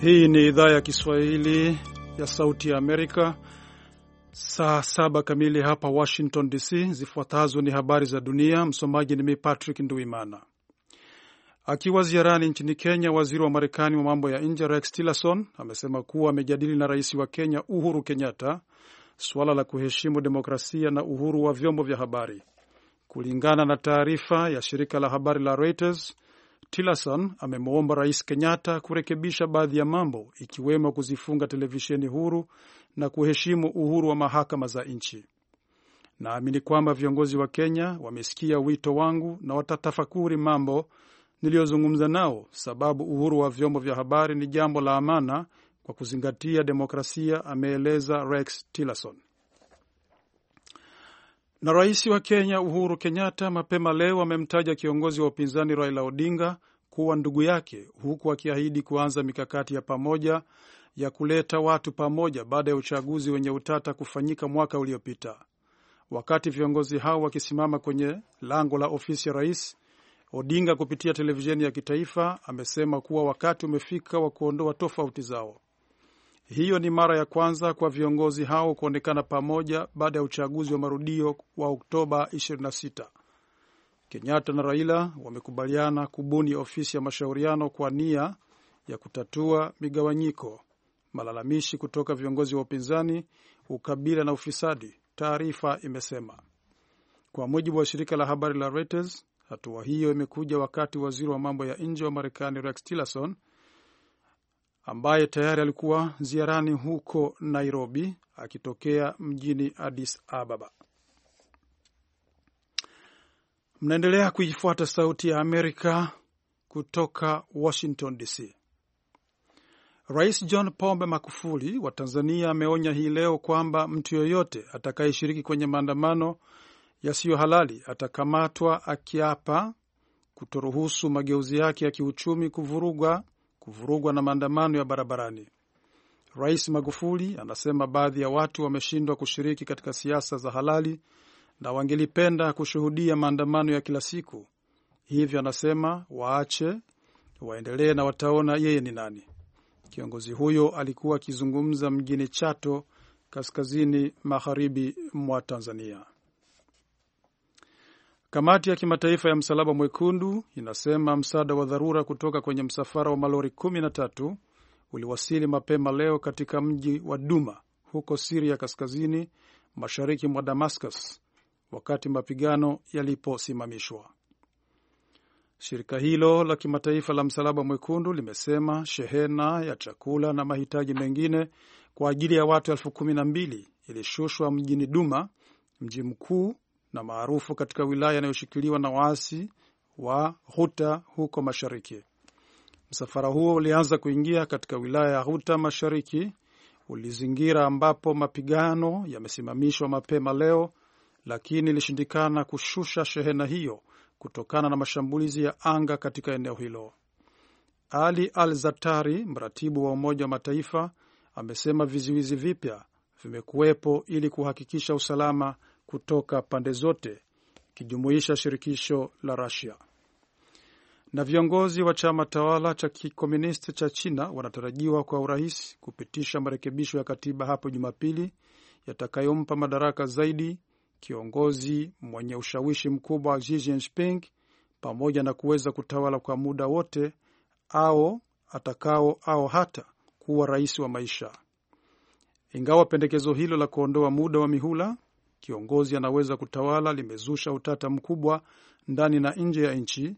Hii ni idhaa ya Kiswahili ya Sauti ya Amerika. Saa saba kamili hapa Washington DC. Zifuatazo ni habari za dunia, msomaji ni mi Patrick Nduimana. Akiwa ziarani nchini Kenya, waziri wa Marekani wa mambo ya nje Rex Tillerson amesema kuwa amejadili na rais wa Kenya Uhuru Kenyatta suala la kuheshimu demokrasia na uhuru wa vyombo vya habari. Kulingana na taarifa ya shirika la habari la Reuters, Tillerson amemwomba Rais Kenyatta kurekebisha baadhi ya mambo ikiwemo kuzifunga televisheni huru na kuheshimu uhuru wa mahakama za nchi. Naamini kwamba viongozi wa Kenya wamesikia wito wangu na watatafakuri mambo niliyozungumza nao, sababu uhuru wa vyombo vya habari ni jambo la amana kwa kuzingatia demokrasia, ameeleza Rex Tillerson na rais wa Kenya Uhuru Kenyatta mapema leo amemtaja kiongozi wa upinzani Raila Odinga kuwa ndugu yake, huku akiahidi kuanza mikakati ya pamoja ya kuleta watu pamoja baada ya uchaguzi wenye utata kufanyika mwaka uliopita. Wakati viongozi hao wakisimama kwenye lango la ofisi ya rais, Odinga kupitia televisheni ya kitaifa amesema kuwa wakati umefika wa kuondoa tofauti zao. Hiyo ni mara ya kwanza kwa viongozi hao kuonekana pamoja baada ya uchaguzi wa marudio wa Oktoba 26. Kenyatta na Raila wamekubaliana kubuni ofisi ya mashauriano kwa nia ya kutatua migawanyiko, malalamishi kutoka viongozi wa upinzani, ukabila na ufisadi, taarifa imesema. Kwa mujibu wa shirika la habari la Reuters, hatua hiyo imekuja wakati waziri wa mambo ya nje wa Marekani Rex Tillerson ambaye tayari alikuwa ziarani huko Nairobi akitokea mjini Addis Ababa. Mnaendelea kuifuata Sauti ya Amerika kutoka Washington DC. Rais John Pombe Magufuli wa Tanzania ameonya hii leo kwamba mtu yoyote atakayeshiriki kwenye maandamano yasiyo halali atakamatwa, akiapa kutoruhusu mageuzi yake ya kiuchumi kuvurugwa kuvurugwa na maandamano ya barabarani. Rais Magufuli anasema baadhi ya watu wameshindwa kushiriki katika siasa za halali na wangelipenda kushuhudia maandamano ya kila siku, hivyo anasema waache waendelee na wataona yeye ni nani. Kiongozi huyo alikuwa akizungumza mjini Chato, kaskazini magharibi mwa Tanzania. Kamati ya kimataifa ya Msalaba Mwekundu inasema msaada wa dharura kutoka kwenye msafara wa malori 13 uliwasili mapema leo katika mji wa Duma huko Siria kaskazini mashariki mwa Damascus wakati mapigano yaliposimamishwa. Shirika hilo la kimataifa la Msalaba Mwekundu limesema shehena ya chakula na mahitaji mengine kwa ajili ya watu elfu kumi na mbili ilishushwa mjini Duma, mji mkuu na maarufu katika wilaya inayoshikiliwa na waasi wa huta huko mashariki. Msafara huo ulianza kuingia katika wilaya ya huta mashariki ulizingira, ambapo mapigano yamesimamishwa mapema leo, lakini ilishindikana kushusha shehena hiyo kutokana na mashambulizi ya anga katika eneo hilo. Ali Al Zatari, mratibu wa Umoja wa Mataifa, amesema vizuizi vipya vimekuwepo ili kuhakikisha usalama kutoka pande zote ikijumuisha shirikisho la rasia Na viongozi wa chama tawala cha kikomunisti cha China wanatarajiwa kwa urahisi kupitisha marekebisho ya katiba hapo Jumapili yatakayompa madaraka zaidi kiongozi mwenye ushawishi mkubwa Xi Jinping pamoja na kuweza kutawala kwa muda wote ao atakao au hata kuwa rais wa maisha. Ingawa pendekezo hilo la kuondoa muda wa mihula kiongozi anaweza kutawala limezusha utata mkubwa ndani na nje ya nchi,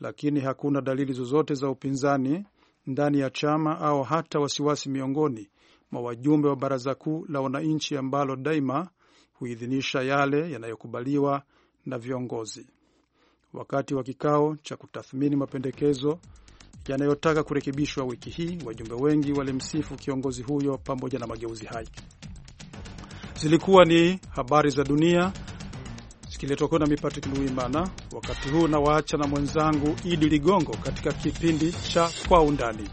lakini hakuna dalili zozote za upinzani ndani ya chama au hata wasiwasi miongoni mwa wajumbe wa baraza kuu la wananchi ambalo daima huidhinisha yale yanayokubaliwa na viongozi. Wakati wa kikao cha kutathmini mapendekezo yanayotaka kurekebishwa wiki hii, wajumbe wengi walimsifu kiongozi huyo pamoja na mageuzi hayo. Zilikuwa ni habari za dunia zikiletwa kwenu na Mipatrik Luimana. Wakati huu nawaacha na mwenzangu Idi Ligongo katika kipindi cha Kwa Undani.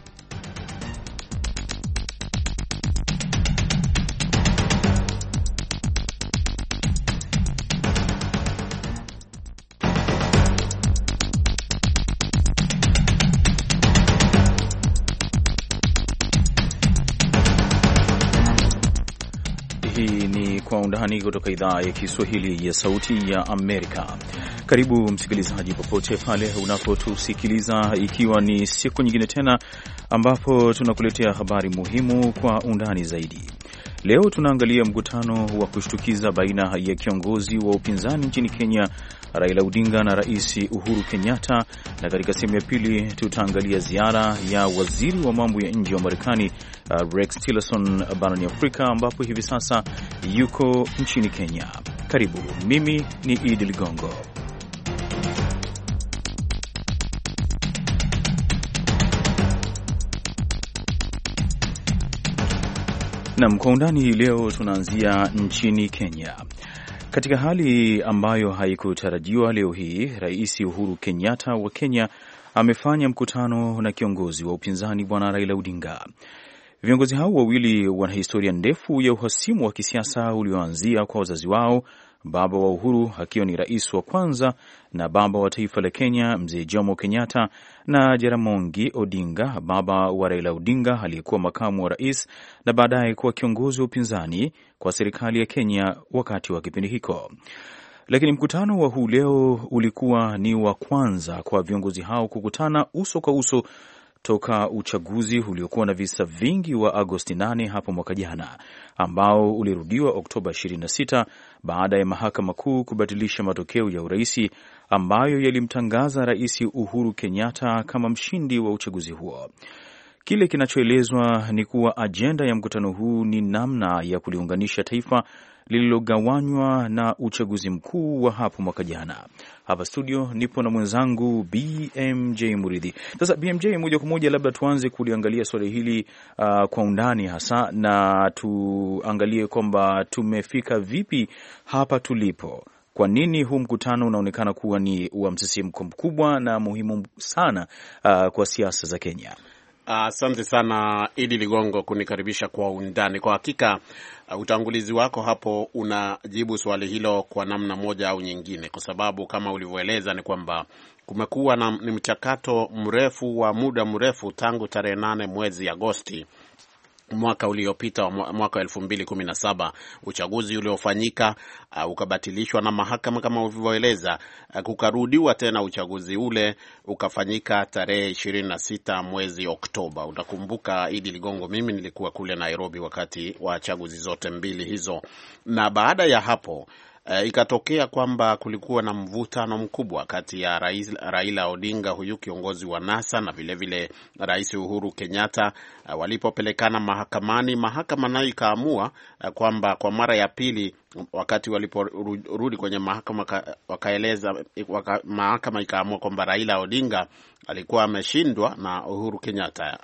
Marekani kutoka idhaa ya Kiswahili ya Sauti ya Amerika. Karibu msikilizaji, popote pale unapotusikiliza, ikiwa ni siku nyingine tena ambapo tunakuletea habari muhimu kwa undani zaidi. Leo tunaangalia mkutano wa kushtukiza baina ya kiongozi wa upinzani nchini Kenya Raila Odinga na Rais Uhuru Kenyatta, na katika sehemu ya pili tutaangalia ziara ya waziri wa mambo ya nje wa Marekani uh, Rex Tillerson barani Afrika, ambapo hivi sasa yuko nchini Kenya. Karibu, mimi ni Idi Ligongo. Nam kwa undani leo tunaanzia nchini Kenya. Katika hali ambayo haikutarajiwa leo hii, Rais Uhuru Kenyatta wa Kenya amefanya mkutano na kiongozi wa upinzani Bwana Raila Odinga. Viongozi hao wawili wana historia ndefu ya uhasimu wa kisiasa ulioanzia kwa wazazi wao baba wa uhuru akiwa ni rais wa kwanza na baba wa taifa la Kenya mzee Jomo Kenyatta na Jaramogi Odinga baba wa Raila Odinga aliyekuwa makamu wa rais na baadaye kuwa kiongozi wa upinzani kwa serikali ya Kenya wakati wa kipindi hiko Lakini mkutano wa huu leo ulikuwa ni wa kwanza kwa viongozi hao kukutana uso kwa uso toka uchaguzi uliokuwa na visa vingi wa Agosti 8 hapo mwaka jana, ambao ulirudiwa Oktoba 26 baada ya mahakama kuu kubatilisha matokeo ya uraisi ambayo yalimtangaza Rais Uhuru Kenyatta kama mshindi wa uchaguzi huo. Kile kinachoelezwa ni kuwa ajenda ya mkutano huu ni namna ya kuliunganisha taifa lililogawanywa na uchaguzi mkuu wa hapo mwaka jana. Hapa studio nipo na mwenzangu BMJ Muridhi. Sasa BMJ, moja kwa moja, labda tuanze kuliangalia swali hili uh, kwa undani hasa, na tuangalie kwamba tumefika vipi hapa tulipo. Kwa nini huu mkutano unaonekana kuwa ni wa msisimko mkubwa na muhimu sana uh, kwa siasa za Kenya? Asante uh, sana Idi Ligongo kunikaribisha kwa undani. Kwa hakika Uh, utangulizi wako hapo unajibu swali hilo kwa namna moja au nyingine, kwa sababu kama ulivyoeleza ni kwamba kumekuwa na ni mchakato mrefu wa muda mrefu tangu tarehe nane mwezi Agosti mwaka uliopita mwaka wa elfu mbili kumi na saba uchaguzi uliofanyika uh, ukabatilishwa na mahakama kama ulivyoeleza. Uh, kukarudiwa tena uchaguzi ule ukafanyika tarehe ishirini na sita mwezi Oktoba. Utakumbuka Idi Ligongo, mimi nilikuwa kule Nairobi wakati wa chaguzi zote mbili hizo, na baada ya hapo e, ikatokea kwamba kulikuwa na mvutano mkubwa kati ya Rais, Raila Odinga huyu kiongozi wa NASA na vilevile vile Rais Uhuru Kenyatta eh, walipopelekana mahakamani, mahakama nayo ikaamua eh, kwamba kwa mara ya pili wakati waliporudi kwenye mahakama wakaeleza waka, mahakama ikaamua kwamba Raila Odinga alikuwa ameshindwa na Uhuru Kenyatta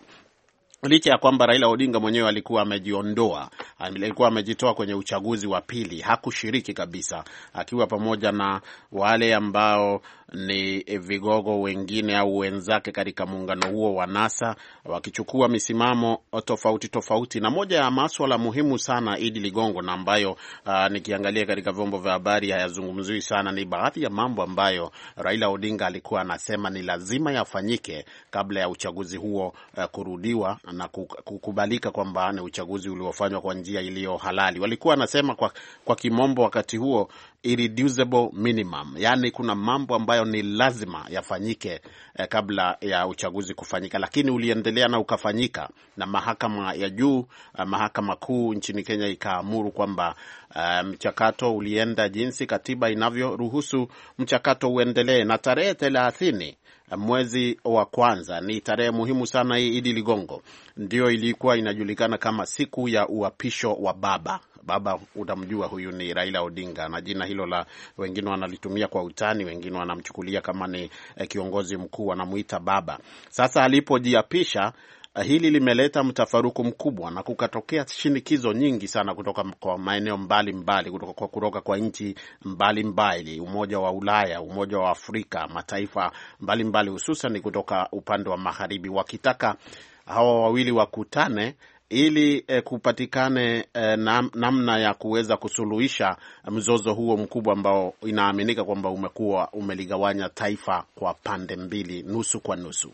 licha ya kwamba Raila Odinga mwenyewe alikuwa amejiondoa, alikuwa amejitoa kwenye uchaguzi wa pili, hakushiriki kabisa, akiwa pamoja na wale ambao ni vigogo wengine au wenzake katika muungano huo wa NASA, wakichukua misimamo tofauti tofauti. Na moja ya maswala muhimu sana, Idi Ligongo, na ambayo uh, nikiangalia katika vyombo vya habari hayazungumziwi sana, ni baadhi ya mambo ambayo Raila Odinga alikuwa anasema ni lazima yafanyike kabla ya uchaguzi huo uh, kurudiwa na kukubalika kwamba ni uchaguzi uliofanywa kwa njia iliyo halali. Walikuwa wanasema kwa, kwa kimombo wakati huo irreducible minimum, yaani kuna mambo ambayo ni lazima yafanyike eh, kabla ya uchaguzi kufanyika, lakini uliendelea na ukafanyika, na mahakama ya juu eh, mahakama kuu nchini Kenya ikaamuru kwamba eh, mchakato ulienda jinsi katiba inavyoruhusu mchakato uendelee, na tarehe thelathini mwezi wa kwanza. Ni tarehe muhimu sana hii, Idi Ligongo, ndio ilikuwa inajulikana kama siku ya uapisho wa baba baba utamjua huyu ni Raila Odinga, na jina hilo la wengine wanalitumia kwa utani, wengine wanamchukulia kama ni eh, kiongozi mkuu, wanamuita baba. Sasa alipojiapisha Eh, hili limeleta mtafaruku mkubwa na kukatokea shinikizo nyingi sana kutoka kwa maeneo mbalimbali kutoka, kutoka kwa nchi mbalimbali, Umoja wa Ulaya, Umoja wa Afrika, mataifa mbalimbali hususan kutoka upande wa magharibi wakitaka hawa wawili wakutane ili e, kupatikane e, nam, namna ya kuweza kusuluhisha mzozo huo mkubwa ambao inaaminika kwamba umekuwa umeligawanya taifa kwa pande mbili, nusu kwa nusu.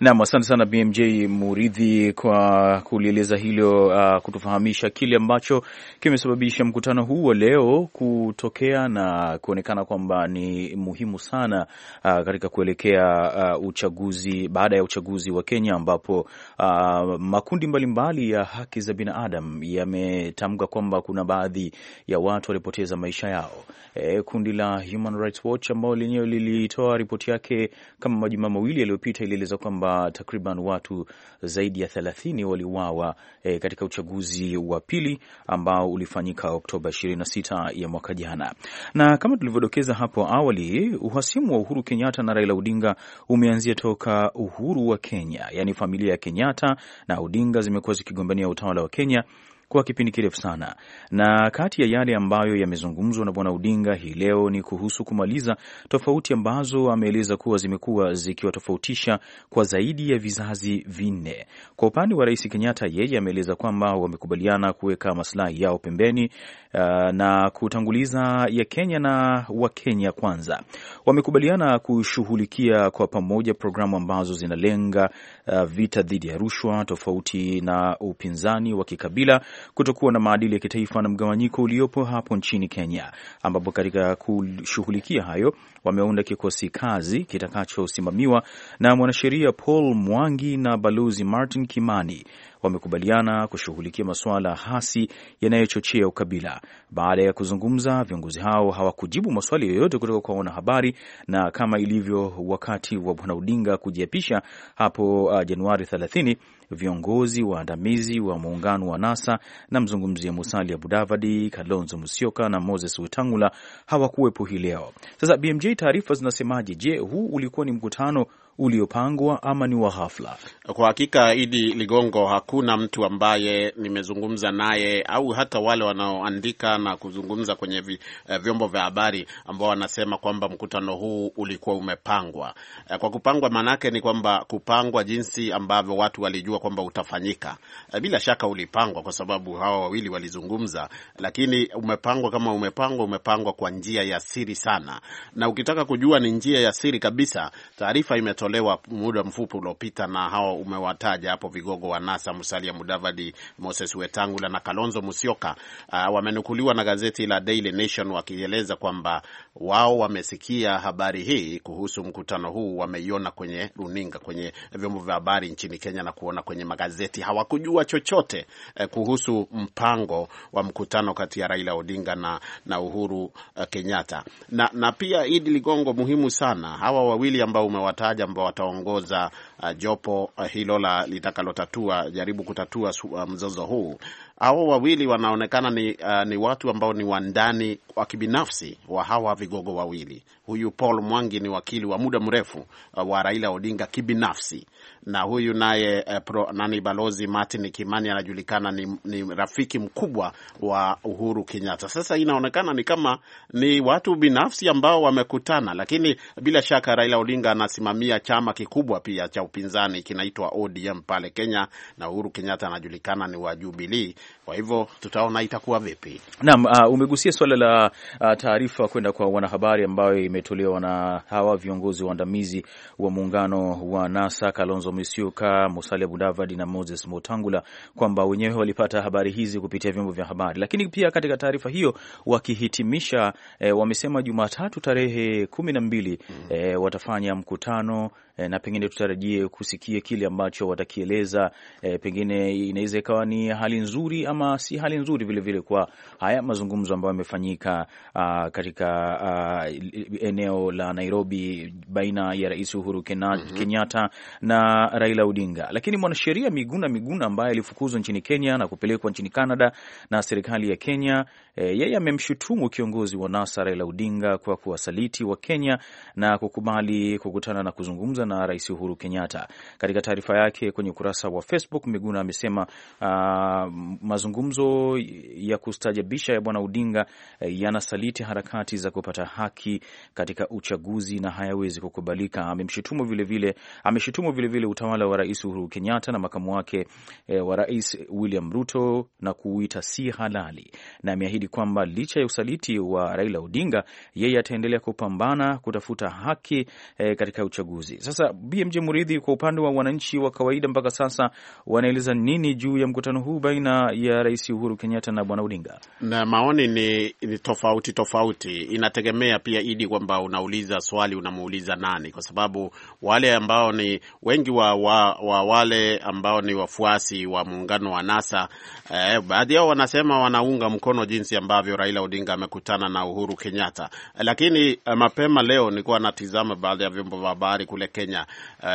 Naam, asante sana BMJ Muridhi kwa kulieleza hilo, uh, kutufahamisha kile ambacho kimesababisha mkutano huu wa leo kutokea na kuonekana kwamba ni muhimu sana uh, katika kuelekea uh, uchaguzi baada ya uchaguzi wa Kenya ambapo uh, makundi mbalimbali mbali ya haki za binadamu yametamka kwamba kuna baadhi ya watu walipoteza maisha yao. E, kundi la Human Rights Watch ambao lenyewe lilitoa ripoti yake kama majuma mawili yaliyopita, ilieleza kwamba takriban watu zaidi ya thelathini waliuawa e, katika uchaguzi wa pili ambao ulifanyika Oktoba 26 ya mwaka jana, na kama tulivyodokeza hapo awali, uhasimu wa Uhuru Kenyatta na Raila Odinga umeanzia toka uhuru wa Kenya, yani familia ya Kenyatta na Odinga zimekuwa zikigombea kugombania utawala wa Kenya kwa kipindi kirefu sana, na kati ya yale ambayo yamezungumzwa na Bwana Odinga hii leo ni kuhusu kumaliza tofauti ambazo ameeleza kuwa zimekuwa zikiwatofautisha kwa zaidi ya vizazi vinne. Kwa upande wa Rais Kenyatta, yeye ameeleza kwamba wamekubaliana kuweka maslahi yao pembeni Uh, na kutanguliza ya Kenya na Wakenya kwanza wamekubaliana kushughulikia kwa pamoja programu ambazo zinalenga uh, vita dhidi ya rushwa, tofauti na upinzani wa kikabila, kutokuwa na maadili ya kitaifa na mgawanyiko uliopo hapo nchini Kenya, ambapo katika kushughulikia hayo wameunda kikosi kazi kitakachosimamiwa na mwanasheria Paul Mwangi na balozi Martin Kimani wamekubaliana kushughulikia masuala hasi yanayochochea ukabila. Baada ya kuzungumza, viongozi hao hawakujibu maswali yoyote kutoka kwa wanahabari, na kama ilivyo wakati wa Bwana Odinga kujiapisha hapo uh, Januari 30 viongozi waandamizi wa muungano wa NASA na mzungumzia Musalia Mudavadi, Kalonzo Musyoka na Moses Wetangula hawakuwepo hii leo. Sasa BMJ, taarifa zinasemaje? Je, huu ulikuwa ni mkutano uliopangwa ama ni wa ghafla? Kwa hakika, Idi Ligongo, hakuna mtu ambaye nimezungumza naye au hata wale wanaoandika na kuzungumza kwenye vi, eh, vyombo vya habari ambao wanasema kwamba mkutano huu ulikuwa umepangwa. Eh, kwa kupangwa maanake ni kwamba kupangwa jinsi ambavyo watu walijua kwamba utafanyika. Eh, bila shaka ulipangwa kwa sababu hawa wawili walizungumza, lakini umepangwa kama umepangwa, umepangwa kwa njia ya siri sana, na ukitaka kujua ni njia ya siri kabisa, taarifa imetolewa yametolewa muda mfupi uliopita na hao umewataja hapo vigogo wa NASA Musalia Mudavadi, Moses Wetangula na Kalonzo Musyoka. Uh, wamenukuliwa na gazeti la Daily Nation wakieleza kwamba wao wamesikia habari hii kuhusu mkutano huu, wameiona kwenye runinga, kwenye vyombo vya habari nchini Kenya na kuona kwenye magazeti. Hawakujua chochote eh, kuhusu mpango wa mkutano kati ya Raila Odinga na, na Uhuru eh, Kenyatta na, na pia Idi Ligongo, muhimu sana hawa wawili ambao umewataja ambao wataongoza uh, jopo uh, hilo la litakalotatua jaribu kutatua uh, mzozo huu. Hao wawili wanaonekana ni, uh, ni watu ambao ni wandani wa kibinafsi wa hawa vigogo wawili. Huyu Paul Mwangi ni wakili wa muda mrefu uh, wa Raila Odinga kibinafsi, na huyu naye uh, nani Balozi Martin Kimani anajulikana ni, ni rafiki mkubwa wa Uhuru Kenyatta. Sasa inaonekana ni kama ni watu binafsi ambao wamekutana, lakini bila shaka Raila Odinga anasimamia chama kikubwa pia cha upinzani kinaitwa ODM pale Kenya, na Uhuru Kenyatta anajulikana ni wa Jubilee. Kwa hivyo tutaona itakuwa vipi. Naam, uh, umegusia suala la uh, taarifa kwenda kwa wanahabari ambayo imetolewa na hawa viongozi waandamizi wa muungano wa NASA Kalonzo Musyoka, Musalia Mudavadi na Moses Mutangula kwamba wenyewe walipata habari hizi kupitia vyombo vya habari, lakini pia katika taarifa hiyo wakihitimisha, eh, wamesema Jumatatu tarehe kumi na mbili mm -hmm. eh, watafanya mkutano eh, na pengine tutarajie kusikia kile ambacho watakieleza E, pengine inaweza ikawa ni hali nzuri kama si hali nzuri vilevile vile kwa haya mazungumzo ambayo yamefanyika uh, katika uh, eneo la Nairobi baina ya Rais Uhuru mhm. Kenyatta mm -hmm. na Raila Odinga. Lakini mwanasheria Miguna Miguna ambaye alifukuzwa nchini Kenya na kupelekwa nchini Canada na serikali ya Kenya E, yeye amemshutumu kiongozi wa NASA Raila Odinga kwa kuwasaliti wa Kenya na kukubali kukutana na kuzungumza na Rais Uhuru Kenyatta. Katika taarifa yake kwenye ukurasa wa Facebook, Miguna amesema uh, mazungumzo ya kustajabisha ya Bwana Odinga e, yanasaliti harakati za kupata haki katika uchaguzi na hayawezi kukubalika. Amemshutumu vilevile, ameshutumu vilevile utawala wa Rais Uhuru Kenyatta na makamu wake e, wa Rais William Ruto na kuuita si halali na ameahidi ni kwamba licha ya usaliti wa Raila Odinga, yeye ataendelea kupambana kutafuta haki e, katika uchaguzi. Sasa BMJ Muridhi, kwa upande wa wananchi wa kawaida, mpaka sasa wanaeleza nini juu ya mkutano huu baina ya Rais Uhuru Kenyatta na Bwana Odinga? Na maoni ni, ni tofauti tofauti, inategemea pia idi kwamba unauliza swali unamuuliza nani, kwa sababu wale ambao ni wengi wa, wa, wa wale ambao ni wafuasi wa muungano wa NASA eh, baadhi yao wanasema wanaunga mkono jinsi jinsi ambavyo Raila Odinga amekutana na Uhuru Kenyatta. Lakini eh, mapema leo nilikuwa natizama baadhi ya vyombo vya habari kule Kenya,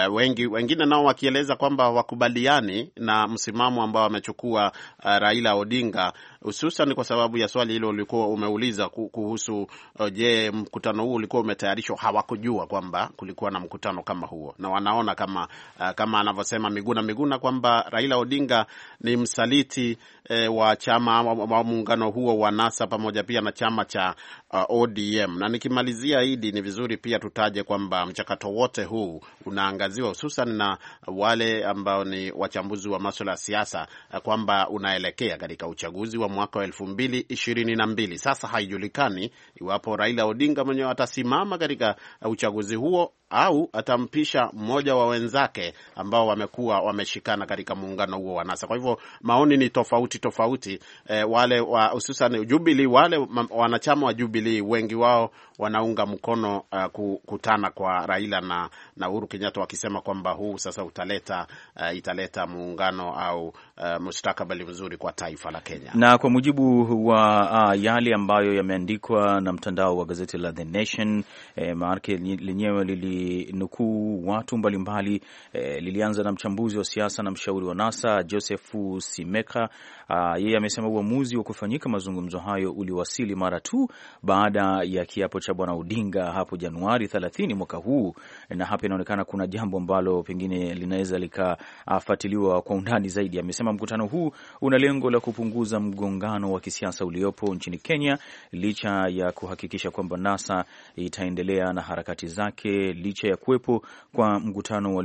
uh, wengi wengine nao wakieleza kwamba wakubaliani na msimamo ambao amechukua uh, Raila Odinga hususan kwa sababu ya swali hilo ulikuwa umeuliza kuhusu, uh, je, mkutano huu ulikuwa umetayarishwa? Hawakujua kwamba kulikuwa na mkutano kama huo, na wanaona kama uh, kama anavyosema Miguna Miguna kwamba Raila Odinga ni msaliti eh, wa chama wa muungano huo wa NASA pamoja pia na chama cha uh, ODM. Na nikimalizia hidi, ni vizuri pia tutaje kwamba mchakato wote huu unaangaziwa hususan na wale ambao ni wachambuzi wa masuala ya siasa uh, kwamba unaelekea katika uchaguzi wa mwaka wa elfu mbili ishirini na mbili. Sasa haijulikani iwapo Raila Odinga mwenyewe atasimama katika uchaguzi huo au atampisha mmoja wa wenzake ambao wamekuwa wameshikana katika muungano huo wa NASA. Kwa hivyo maoni ni tofauti tofauti. E, wale wa hususan wale wanachama wa jubili wengi wao wanaunga mkono uh, eh, kukutana kwa Raila na na Uhuru Kenyatta wakisema kwamba huu sasa utaleta uh, italeta muungano au uh, mustakabali mzuri kwa taifa la Kenya na kwa mujibu wa uh, yale ambayo yameandikwa na mtandao wa gazeti la The Nation eh, maanake lenyewe lilinukuu watu mbalimbali eh, lilianza na mchambuzi wa siasa na mshauri wa NASA Joseph Simeka Ah, yeye amesema uamuzi wa kufanyika mazungumzo hayo uliwasili mara tu baada ya kiapo cha Bwana Odinga hapo Januari 30 mwaka huu, na hapa inaonekana kuna jambo ambalo pengine linaweza likafuatiliwa kwa undani zaidi. Amesema mkutano huu una lengo la kupunguza mgongano wa kisiasa uliopo nchini Kenya, licha ya kuhakikisha kwamba NASA itaendelea na harakati zake, licha ya kuwepo kwa mkutano wa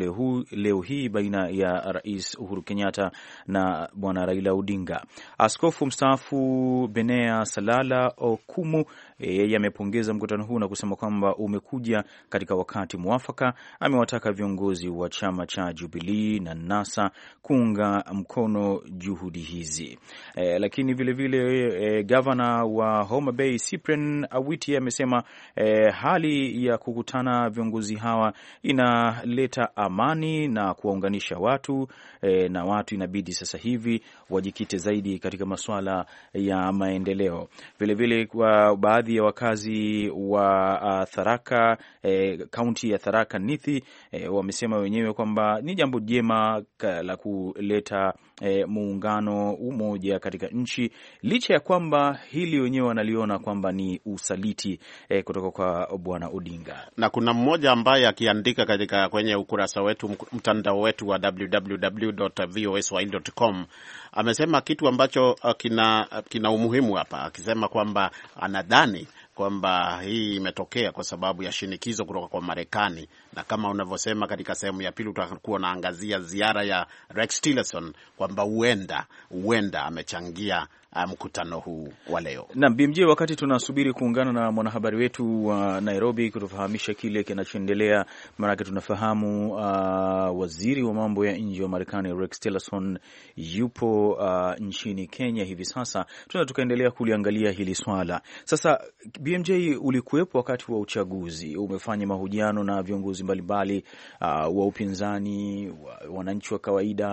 leo hii baina ya Rais Uhuru Kenyatta na Bwana Raila Odinga. Askofu mstaafu Benea Salala Okumu yeye amepongeza mkutano huu na kusema kwamba umekuja katika wakati mwafaka. Amewataka viongozi wa chama cha Jubilii na NASA kuunga mkono juhudi hizi e, lakini vilevile vile, e, gavana wa Homa Bay Cyprian Awiti amesema e, hali ya kukutana viongozi hawa inaleta amani na kuwaunganisha watu e, na watu inabidi sasa hivi wajikite zaidi katika masuala ya maendeleo vilevile kwa baadhi baadhi ya wakazi wa uh, Tharaka eh, kaunti eh, ya Tharaka Nithi eh, wamesema wenyewe kwamba ni jambo jema la kuleta e, muungano umoja katika nchi, licha ya kwamba hili wenyewe wanaliona kwamba ni usaliti e, kutoka kwa bwana Odinga. Na kuna mmoja ambaye akiandika katika kwenye ukurasa wetu mtandao wetu wa www.voaswahili.com amesema kitu ambacho uh, kina, uh, kina umuhimu hapa, akisema kwamba anadhani kwamba hii imetokea kwa sababu ya shinikizo kutoka kwa Marekani, na kama unavyosema katika sehemu ya pili utakuwa unaangazia ziara ya Rex Tillerson kwamba huenda huenda amechangia Uh, mkutano huu wa leo. Naam, BMJ, wakati tunasubiri kuungana na mwanahabari wetu wa Nairobi kutufahamisha kile kinachoendelea, maanake tunafahamu uh, waziri wa mambo ya nje wa Marekani Rex Tillerson yupo uh, nchini Kenya hivi sasa, tuna tukaendelea kuliangalia hili swala. Sasa BMJ, ulikuwepo wakati wa uchaguzi, umefanya mahojiano na viongozi mbalimbali uh, wa upinzani, wananchi wa kawaida,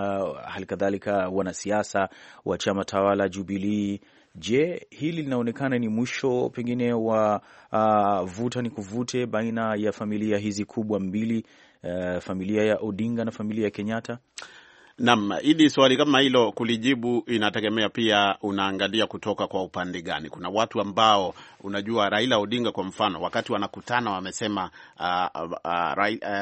halikadhalika wanasiasa wa chama tawala Jubilee hili. Je, hili linaonekana ni mwisho pengine wa uh, vuta ni kuvute baina ya familia hizi kubwa mbili, uh, familia ya Odinga na familia ya Kenyatta? Naam, ili swali kama hilo kulijibu inategemea pia unaangalia kutoka kwa upande gani. Kuna watu ambao unajua, Raila Odinga kwa mfano, wakati wanakutana wamesema, uh, uh, uh,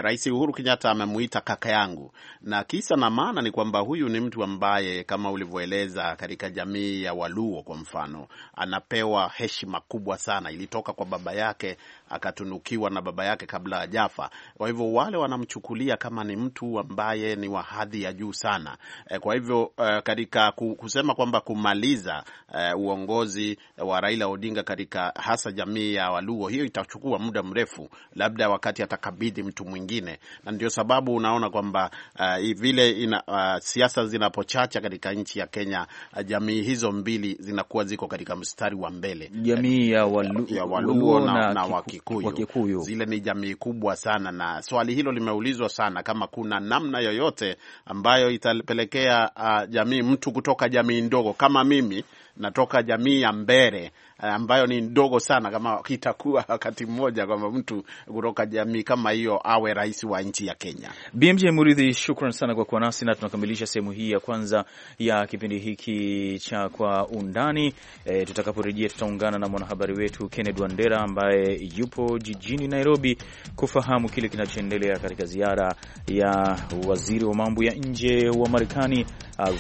Rais Uhuru Kenyatta amemuita kaka yangu, na kisa na maana ni kwamba huyu ni mtu ambaye kama ulivyoeleza, katika jamii ya Waluo kwa mfano, anapewa heshima kubwa sana, ilitoka kwa baba yake, akatunukiwa na baba yake kabla ajafa. Kwa hivyo wale wanamchukulia kama ni mtu ambaye ni wa hadhi ya juu sana. Eh, kwa hivyo eh, katika kusema kwamba kumaliza eh, uongozi wa Raila Odinga katika hasa jamii ya Waluo, hiyo itachukua muda mrefu, labda wakati atakabidhi mtu mwingine, na ndio sababu unaona kwamba uh, vile ina, uh, siasa zinapochacha katika nchi ya Kenya jamii hizo mbili zinakuwa ziko katika mstari wa mbele, jamii ya Waluo, ya Waluo na, na, na Wakikuyu. Wakikuyu zile ni jamii kubwa sana, na swali hilo limeulizwa sana kama kuna namna yoyote ambayo itapelekea uh, jamii mtu kutoka jamii ndogo kama mimi natoka jamii ya Mbere eh, ambayo ni ndogo sana, kama kitakuwa wakati mmoja kwamba mtu kutoka jamii kama hiyo awe rais wa nchi ya Kenya. BMJ Muridhi, shukran sana kwa kuwa nasi na tunakamilisha sehemu hii ya kwanza ya kipindi hiki cha Kwa Undani. E, tutakaporejea tutaungana na mwanahabari wetu kenned Wandera ambaye yupo jijini Nairobi kufahamu kile kinachoendelea katika ziara ya waziri wa mambo ya nje wa Marekani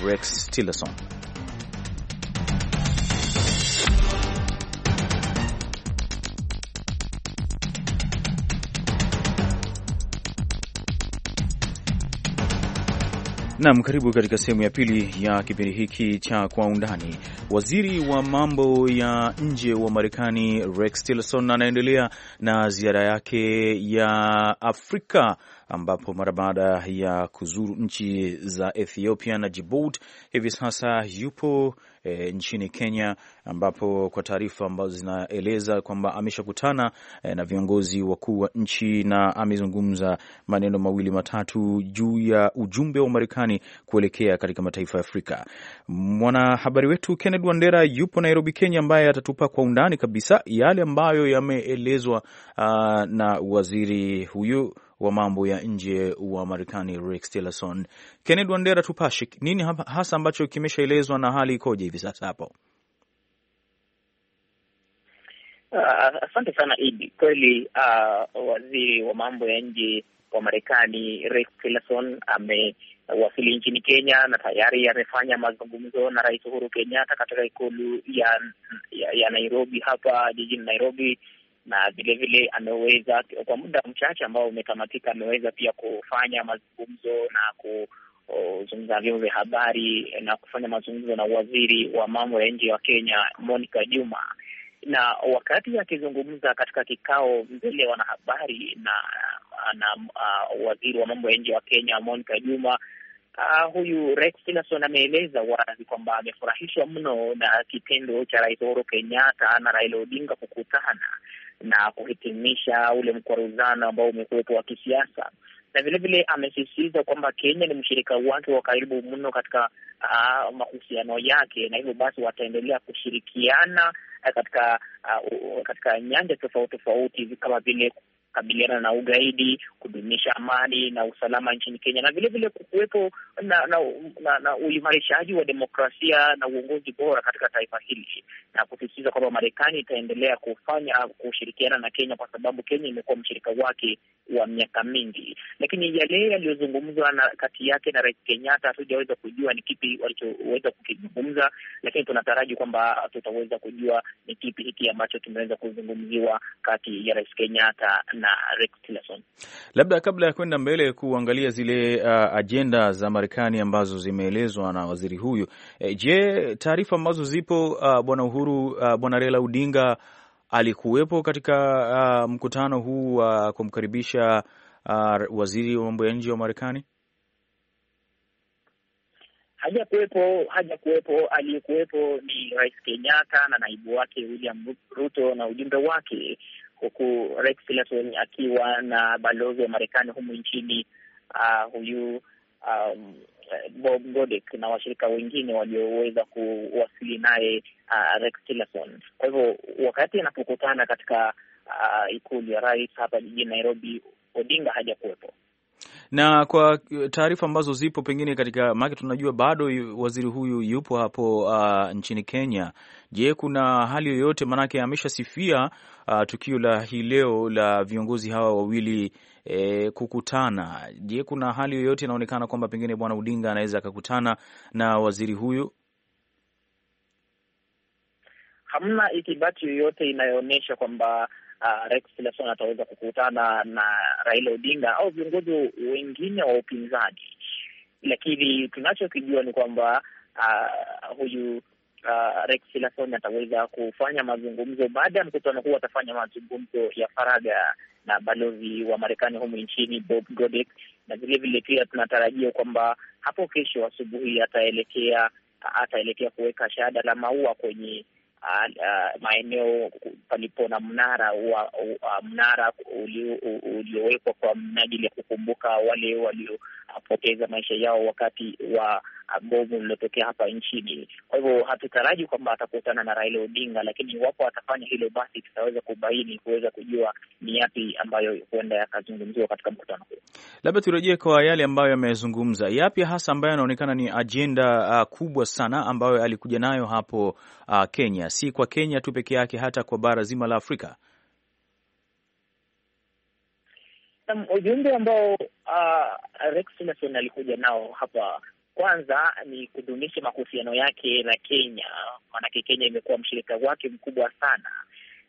Rex Tillerson. nam karibu katika sehemu ya pili ya kipindi hiki cha Kwa Undani. Waziri wa mambo ya nje wa Marekani Rex Tillerson anaendelea na ziara yake ya Afrika ambapo mara baada ya kuzuru nchi za Ethiopia na Djibouti hivi sasa yupo e, nchini Kenya, ambapo kwa taarifa ambazo zinaeleza kwamba ameshakutana e, na viongozi wakuu wa nchi na amezungumza maneno mawili matatu juu ya ujumbe wa Marekani kuelekea katika mataifa ya Afrika. Mwanahabari wetu Kenneth Wandera yupo Nairobi, Kenya, ambaye atatupa kwa undani kabisa yale ambayo yameelezwa na waziri huyu wa mambo ya nje wa Marekani Rex Tillerson. Kennedy Wandera, tupashe nini hasa ambacho kimeshaelezwa na hali ikoje hivi sasa hapo? Uh, asante sana Idi. Kweli uh, waziri wa mambo ya nje wa Marekani Rex Tillerson amewasili nchini Kenya na tayari amefanya mazungumzo na Rais Uhuru Kenyatta katika ikulu ya, ya, ya Nairobi hapa jijini Nairobi na vilevile ameweza kwa muda mchache ambao umekamatika, ameweza pia kufanya mazungumzo na kuzungumza vyombo vya habari na kufanya mazungumzo na waziri wa mambo ya nje wa Kenya Monica Juma na wakati akizungumza katika kikao mbele wanahabari na na uh, waziri wa mambo ya nje wa Kenya Monica Juma, uh, huyu Rex Tillerson ameeleza wazi kwamba amefurahishwa mno na kitendo cha Rais Uhuru Kenyatta na Raila Odinga kukutana na kuhitimisha ule mkwaruzano ambao umekuwepo wa kisiasa na vilevile amesisitiza kwamba Kenya ni mshirika wake wa karibu mno katika uh, mahusiano yake, na hivyo basi wataendelea kushirikiana eh, katika uh, katika nyanja tofauti tofauti kama vile kukabiliana na ugaidi, kudumisha amani na usalama nchini Kenya na vilevile kukuwepo na, na, na, na uimarishaji wa demokrasia na uongozi bora katika taifa hili, na kusisitiza kwamba Marekani itaendelea kufanya kushirikiana na Kenya kwa sababu Kenya imekuwa mshirika wake wa miaka mingi. Lakini yale yaliyozungumzwa na kati yake na Rais Kenyatta hatujaweza kujua ni kipi walichoweza kukizungumza, lakini tunataraji kwamba tutaweza kujua ni kipi hiki ambacho kimeweza kuzungumziwa kati ya Rais Kenyatta na Rex Tillerson. Labda kabla ya kwenda mbele kuangalia zile uh, ajenda za Marekani ambazo zimeelezwa na waziri huyu e, je, taarifa ambazo zipo uh, bwana Uhuru uh, bwana Raila Odinga alikuwepo katika uh, mkutano huu wa uh, kumkaribisha uh, waziri wa mambo ya nje wa Marekani? Hajakuwepo, haja kuwepo. Aliyekuwepo ni Rais Kenyatta na naibu wake William Ruto na ujumbe wake huku Rex Tillerson akiwa na balozi wa Marekani humu nchini uh, huyu um, Bob Godek na washirika wengine walioweza kuwasili naye uh, Rex Tillerson. Kwa hivyo wakati anapokutana katika uh, ikulu ya rais hapa jijini Nairobi, Odinga hajakuwepo. Na kwa uh, taarifa ambazo zipo pengine katika maki, tunajua bado waziri huyu yupo hapo uh, nchini Kenya. Je, kuna hali yoyote? Maanake ameshasifia uh, tukio la hii leo la viongozi hawa wawili eh, kukutana. Je, kuna hali yoyote inaonekana kwamba pengine bwana Odinga anaweza akakutana na waziri huyu? Hamna itibati yoyote inayoonyesha kwamba Ah, Rex Tillerson ataweza kukutana na Raila Odinga au viongozi wengine wa upinzani, lakini tunachokijua ni kwamba uh, huyu Uh, Rex Tillerson ataweza kufanya mazungumzo. Baada ya mkutano huu, atafanya mazungumzo ya faraga na balozi wa Marekani humu nchini Bob Godek, na vilevile pia tunatarajia kwamba hapo kesho asubuhi ataelekea ataelekea kuweka shahada la maua kwenye Uh, maeneo palipo na mnara wa uh, mnara uliowekwa kwa minajili ya kukumbuka wale walio kupoteza maisha yao wakati wa bomu lililotokea hapa nchini. Kwa hivyo hatutaraji kwamba atakutana na Raila Odinga, lakini iwapo atafanya hilo, basi tutaweza kubaini, kuweza kujua ni yapi ambayo huenda yakazungumziwa katika mkutano huu. Labda turejee kwa yale ambayo yamezungumza, yapi hasa ambayo yanaonekana ni ajenda uh, kubwa sana ambayo alikuja nayo hapo uh, Kenya, si kwa Kenya tu peke yake, hata kwa bara zima la Afrika. Ujumbe ambao uh, Rex Tillerson alikuja nao hapa kwanza ni kudumisha mahusiano yake na Kenya, maanake Kenya imekuwa mshirika wake mkubwa sana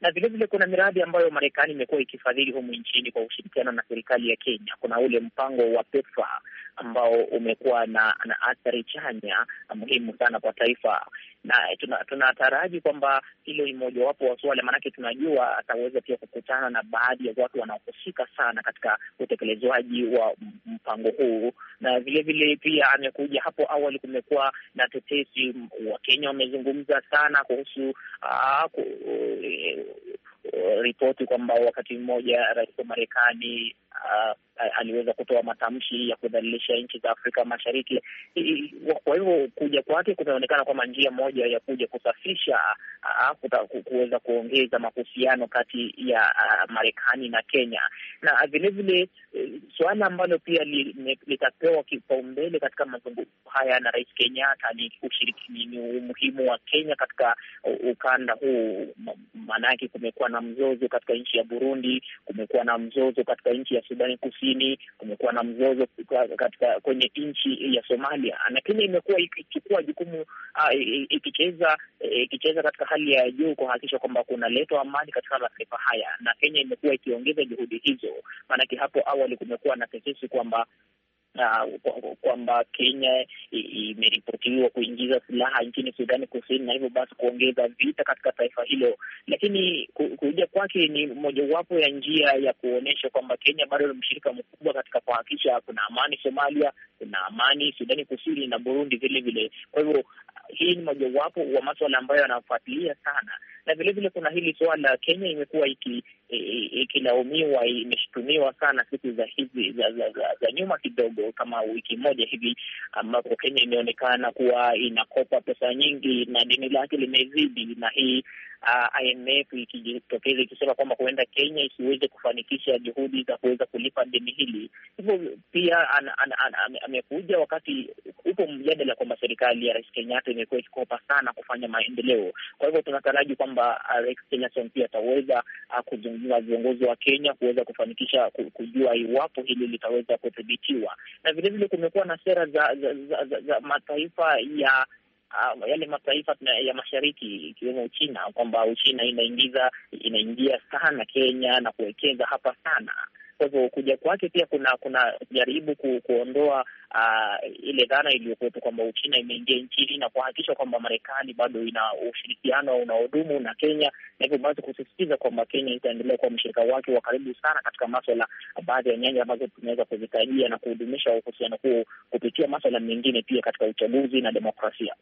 na vilevile kuna miradi ambayo Marekani imekuwa ikifadhili humu nchini kwa ushirikiano na serikali ya Kenya. Kuna ule mpango wa PEPFAR ambao umekuwa na, na athari chanya muhimu sana kwa taifa na tunataraji tuna kwamba hilo ni mojawapo wa suala, maanake tunajua ataweza pia kukutana na baadhi ya watu wanaohusika sana katika utekelezwaji wa mpango huu, na vilevile pia amekuja hapo awali. Kumekuwa na tetesi, Wakenya wamezungumza sana kuhusu ku, uh, Eh, ripoti kwamba wakati mmoja rais wa Marekani uh, aliweza kutoa matamshi ya kudhalilisha nchi za Afrika Mashariki. Kwa hivyo kuja kwake kumeonekana kwamba njia moja ya kuja kusafisha ah, kuweza kuongeza mahusiano kati ya Marekani na Kenya, na vilevile eh, suala ambalo pia litapewa kipaumbele katika mazungumzo haya na Rais Kenyatta ni ushiriki, ni umuhimu wa Kenya katika ukanda huu. Maanake kumekuwa na mzozo katika nchi ya Burundi, kumekuwa na mzozo katika nchi ya Sudani Kusini, kumekuwa na mzozo katika kwenye nchi ya Somalia, na Kenya imekuwa ikichukua jukumu ah, ikicheza e, ikicheza katika hali ya juu kuhakikisha kwamba kunaletwa amani katika mataifa haya, na Kenya imekuwa ikiongeza juhudi hizo. Maanake hapo awali kumekuwa na tetesi kwamba uh, kwamba Kenya imeripotiwa kuingiza silaha nchini Sudani Kusini na hivyo basi kuongeza vita katika taifa hilo, lakini kuja kwake ni mojawapo ya njia ya kuonyesha kwamba Kenya bado ni mshirika mkubwa katika kuhakikisha kuna amani Somalia, kuna amani Sudani Kusini na Burundi vile vile. Kwa hivyo hii ni mojawapo wa maswala ambayo yanafuatilia sana, na vilevile kuna hili swala Kenya imekuwa iki ikilaumiwa imeshutumiwa sana siku za hizi za, za, za, za nyuma kidogo, kama wiki moja hivi, ambapo Kenya imeonekana kuwa inakopa pesa nyingi na deni lake limezidi, na hii uh, IMF ikijitokeza ikisema kwamba huenda Kenya isiweze kufanikisha juhudi za kuweza kulipa deni hili. Hivyo pia an, an, an, an, amekuja wakati upo mjadala kwamba serikali ya Rais Kenyatta imekuwa ikikopa sana kufanya maendeleo. Kwa hivyo tunataraji kwamba Rais Kenyatta pia ataweza uh, na viongozi wa Kenya kuweza kufanikisha kujua iwapo hili litaweza kudhibitiwa, na vilevile kumekuwa na sera za, za, za, za, za mataifa ya Uh, yale mataifa ya mashariki ikiwemo Uchina kwamba Uchina inaingiza inaingia sana Kenya na kuwekeza hapa sana. Kwa hivyo kuja kwake pia kuna kuna jaribu ku, kuondoa uh, ile dhana iliyokuwepo kwamba Uchina imeingia nchini na kuhakikisha kwamba Marekani bado ina ushirikiano unaodumu na Kenya, na hivyo basi kusisitiza kwamba Kenya itaendelea kuwa mshirika wake wa karibu sana katika maswala baadhi ya nyanja ambazo tunaweza kuzitajia na kuhudumisha uhusiano huo kupitia maswala mengine pia katika uchaguzi na demokrasia.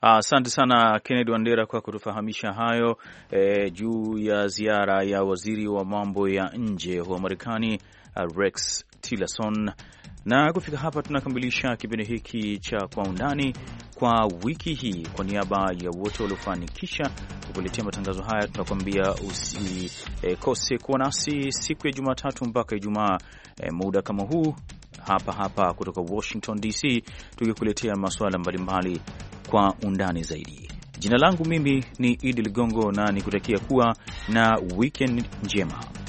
Asante ah, sana Kennedy Wandera kwa kutufahamisha hayo eh, juu ya ziara ya waziri wa mambo ya nje wa Marekani Uh, Rex Tillerson. Na kufika hapa tunakamilisha kipindi hiki cha Kwa Undani kwa wiki hii. Kwa niaba ya wote waliofanikisha kukuletea matangazo haya, tunakuambia usikose kuwa nasi siku ya Jumatatu mpaka Ijumaa e, muda kama huu hapa hapa kutoka Washington DC, tukikuletea masuala mbalimbali kwa undani zaidi. Jina langu mimi ni Idi Ligongo na nikutakia kuwa na weekend njema.